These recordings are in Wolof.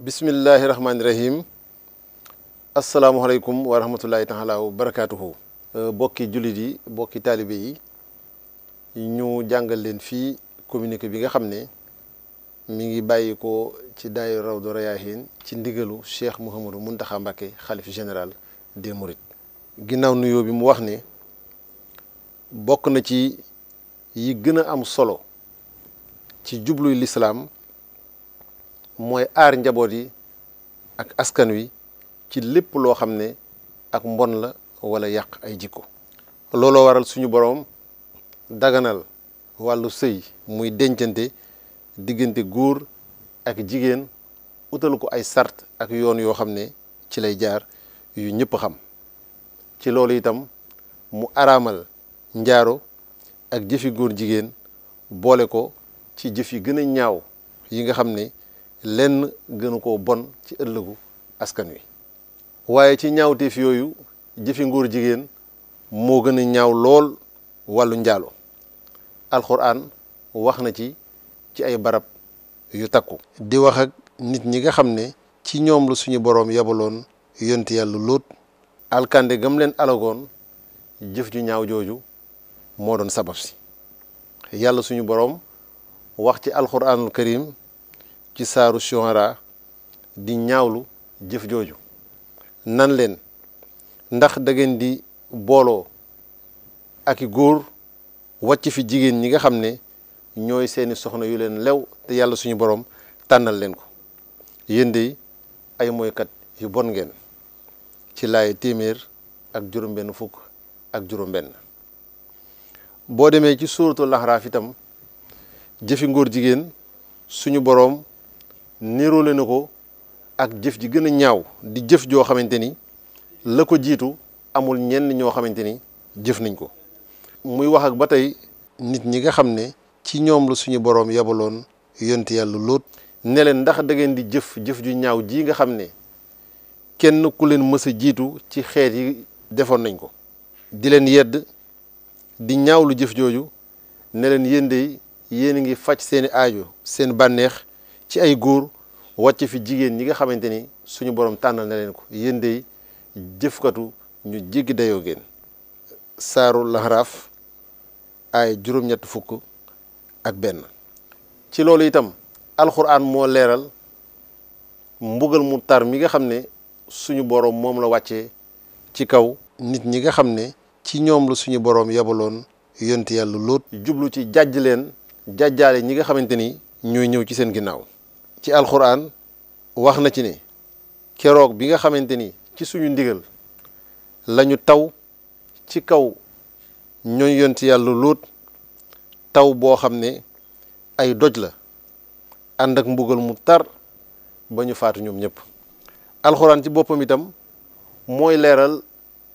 bismillahi rahmaani rahim asalaamualeykum wa rahmatullahi taala wa barakaatuhu bokki jullit yi bokki taalibe yi ñu jàngal leen fii communiqué bi nga xam ne mu ngi bàyyi ko ci daayu Rawdu Rayaahiin ci ndigalu Cheikh Mouhamadou Mountakha Mbacké xalif général des Mourides ginnaaw nuyoo bi mu wax ne bokk na ci yi gën a am solo ci jubluy lislaam mooy aar njaboot yi ak askan wi ci lépp loo xam ne ak mbon la wala yàq ay jikko looloo waral suñu boroom daganal wàllu sëy muy dencante diggante góor ak jigéen utal ko ay sart ak yoon yoo xam ne ci lay jaar yu ñëpp xam ci loolu itam mu araamal njaaro ak jëfi góor jigéen boole ko ci jëf yi gën a ñaaw yi nga xam ne lenn gënu ko bon ci ëllëgu askan wi waaye ci ñaawteef yooyu jëfi ngóor jigéen moo gën a ñaaw lool wàllu njaalo alxuraan wax na ci ci ay barab yu takku di wax nit ñi nga xam ne ci ñoom la suñu boroom yabaloon yonti yàlla lóot alkande gam leen alagoon jëf ju ñaaw jooju moo doon sabab si yàlla suñu boroom wax ci alxuraanul karim ci saaru Shuara di ñaawlu jëf jooju nan leen ndax da di booloo ak i góor wàcc fi jigéen ñi nga xam ne ñooy seeni soxna yu leen lew te yàlla suñu borom tànnal leen ko yéen de ay moykat yu bon ngeen ci laay téeméer ak juróom-benn fukk ak juróom-benn boo demee ci suuratul Ahraaf itam jëfi ngóor jigéen suñu boroom niroole na ko ak jëf ji gën a ñaaw di jëf joo xamante ni la ko jiitu amul ñenn ñoo xamante ni jëf nañ ko. muy wax ak ba tey nit ñi nga xam ne ci ñoom la suñu borom yebaloon yonti yàlla lóot. ne leen ndax da di jëf jëf ju ñaaw ji nga xam ne kenn ku leen mësa jiitu ci xeet yi defoon nañ ko. di leen yedd di lu jëf jooju ne leen yéen de yéen a ngi faj seeni aajo seen bànneex. ci ay góor wàcce fi jigéen ñi nga xamante ni suñu borom tànnal na leen ko yéen dey jëfkatu ñu jéggi dayoo génn saaru laxaraaf ay juróom-ñett fukk ak benn ci loolu itam alxuraan moo leeral mbugal mu tar mi nga xam ne suñu boroom moom la wàccee ci kaw nit ñi nga xam ne ci ñoom la suñu boroom yebaloon yonti yàlla lóot jublu ci jàjj leen jàjjaale ñi nga xamante ni ñooy ñëw ci seen ginnaaw ci alxuraan wax na ci ne keroog bi nga xamante ni ci suñu ndigal lañu taw ci kaw ñooñ yonti yàlla luut taw boo xam ne ay doj la ànd ak mbugal mu tar ba ñu faatu ñoom ñëpp alxuraan ci boppam itam mooy leeral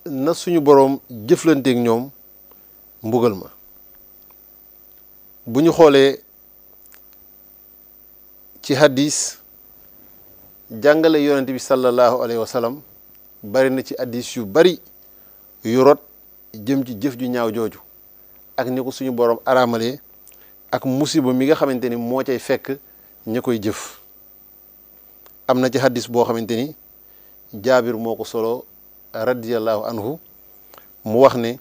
na suñu boroom jëflanteek ñoom mbugal ma bu ñu xoolee ci hadis jàngale yonent bi sallallahu alayhi wa sallam bari na ci hadis yu bari yu rot jëm ci jëf ju ñaaw jooju ak ni ko suñu borom araamalee ak musiba mi nga xamante ni moo cay fekk ña koy jëf am na ci hadis boo xamante ni jaabir moo ko solo radiyallahu anhu mu wax ne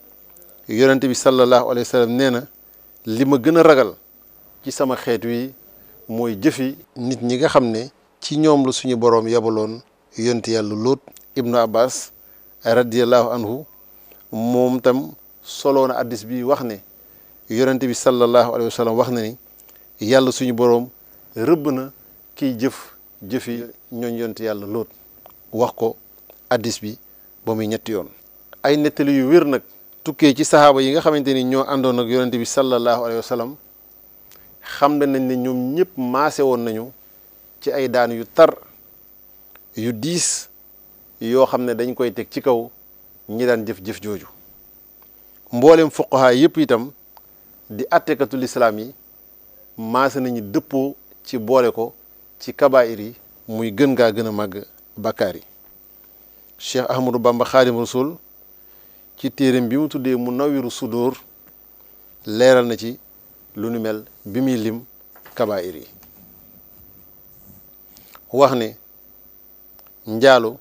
yonent bi sallallahu alayhi wa sallam nee na li ma gën a ragal ci sama xeet wi mooy jëfi nit ñi nga xam ne ci ñoom la suñu boroom yabaloon yonent yàlla lóot ibnu abbas radiallahu anhu moom tam soloon na addis bi wax ne yonent bi sallallahu alayhi wa wax na ni yàlla suñu boroom rëbb na kiy jëf jëfi ñooñ yonent yàlla lóot wax ko addis bi ba muy ñetti yoon ay nettali yu wér nag tukkee ci sahaaba yi nga xamante ni ñoo àndoon ak yonent bi sallallahu alayhi wa xam nañ ne ñoom ñëpp maase woon nañu ci ay daan yu tar yu diis yoo xam ne dañ koy teg ci kaw ñi daan jëf-jëf jooju mboolem fuqaha yëpp itam di attekatu lislaam yi maase nañu dëppoo ci boole ko ci kabaayir yi muy gën ngaa gën a màgg bakkaar yi cheikh ahmadou bamba xaadim rasul ci téeréem bi mu tuddee mu nawiru sudóor leeral na ci lu nu mel bi muy lim kabaayir yi wax ne njaalo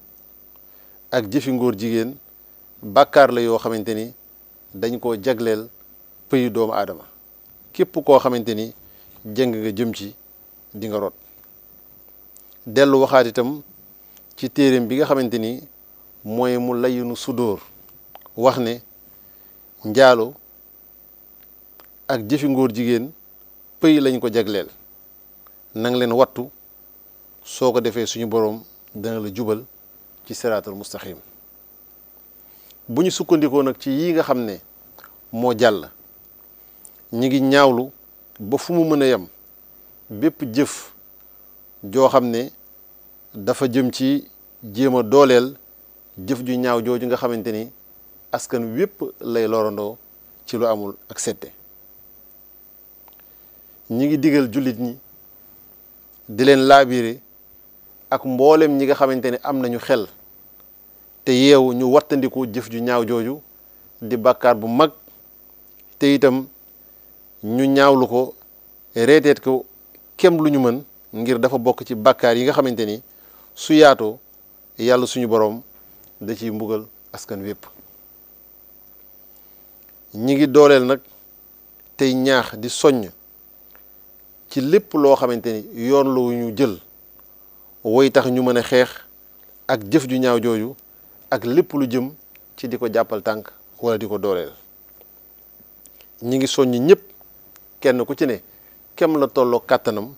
ak jëfi ngóor jigéen bàkkaar la yoo xamante ni dañ ko jagleel pëyu doomu aadama képp koo xamante ni jëng nga jëm ci di nga dellu waxaat itam ci téeréem bi nga xamante ni mooy mu layinu sudóor wax ne njaalu ak jëfi ngóor jigéen pëy lañ ko jagleel nang leen wattu soo ko defee suñu boroom dana la jubal ci siraatal mustaqim bu ñu sukkandikoo nag ci yi nga xam ne moo jàll ñi ngi ñaawlu ba fu mu mën a yem bépp jëf joo xam ne dafa jëm ci jéem a dooleel jëf ju ñaaw jooju nga xamante ni askan wépp lay lorandoo ci lu amul ak sette ñi ngi digal jullit ñi di leen laabire ak mboolem ñi nga xamante ni am nañu xel te yeewu ñu wattandiku jëf ju ñaaw jooju di bàkkaar bu mag te itam ñu ñaawlu ko reeteet ko kem lu ñu mën ngir dafa bokk ci bàkkaar yi nga xamante ni su yaatoo yàlla suñu boroom da ciy mbugal askan wépp ñi ngi dooleel nag tey ñaax di soññ ci lépp loo xamante ni yoon la wu ñu jël woy tax ñu mën a xeex ak jëf ju ñaaw jooju ak lépp lu jëm ci di ko jàppal tànk wala di ko dooleel ñu ngi soññ ñëpp kenn ku ci ne kem la tolloo kàttanam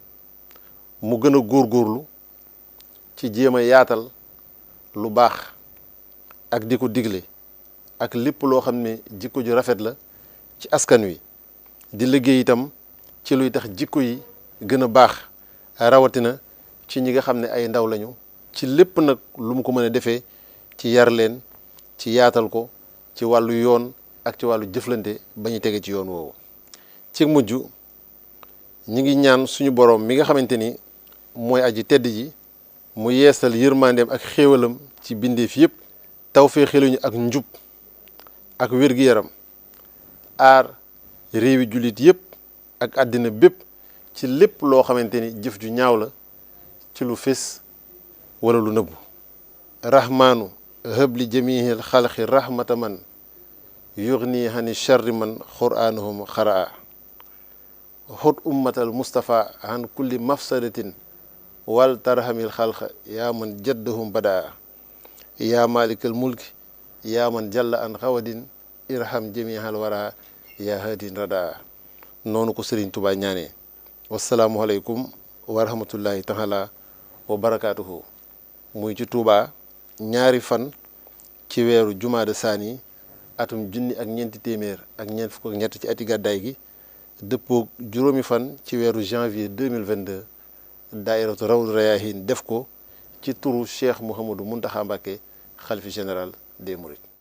mu gën a góor góorlu ci jéem a yaatal lu baax ak di ko digle ak lépp loo xam ne jikko ju rafet la ci askan wi di liggéey itam ci luy tax jikko yi gën a baax rawatina ci ñi nga xam ne ay ndaw lañu ci lépp nag lu mu ko mën a defee ci yar leen ci yaatal ko ci wàllu yoon ak ci wàllu jëflante ba ñu tegee ci yoon woowu ci mujj ñu ngi ñaan suñu boroom mi nga xamante ni mooy aji tedd ji mu yeesal yërmandeem ak xéewalam ci bindeef yëpp taw fee xeluñu ak njub ak wér-gi-yaram aar réewi jullit yëpp ak àddina bépp ci lépp loo xamante ni jëf ju ñaaw la ci lu fés wala lu nëbbu rahmaanu hëbli jamihil xalqi rahmata man yugni hani charri man quraanuhum xaraa xut ummatal mustapha han kulli mafsadatin wal tarhamil yaa man jaddahum badaa yaa malikal mulki yaa man jalla an xawadin irham jamihal wara yaa haadin radaa noonu ko seriñ Touba ñaanee wasalaamualeykum wa rahmatullahi taala wa barakaatuhu muy ci Touba ñaari fan ci weeru jumaada saani atum junni ak ñeenti téeméer ak ñeent fukk ak ñett ci ati gàddaay gi dëppoo juróomi fan ci weeru janvier 2022 daairatu rawdu rayahin def ko ci turu cheikh Mouhamadou Mountakha Mbacké xalifi général des Mourides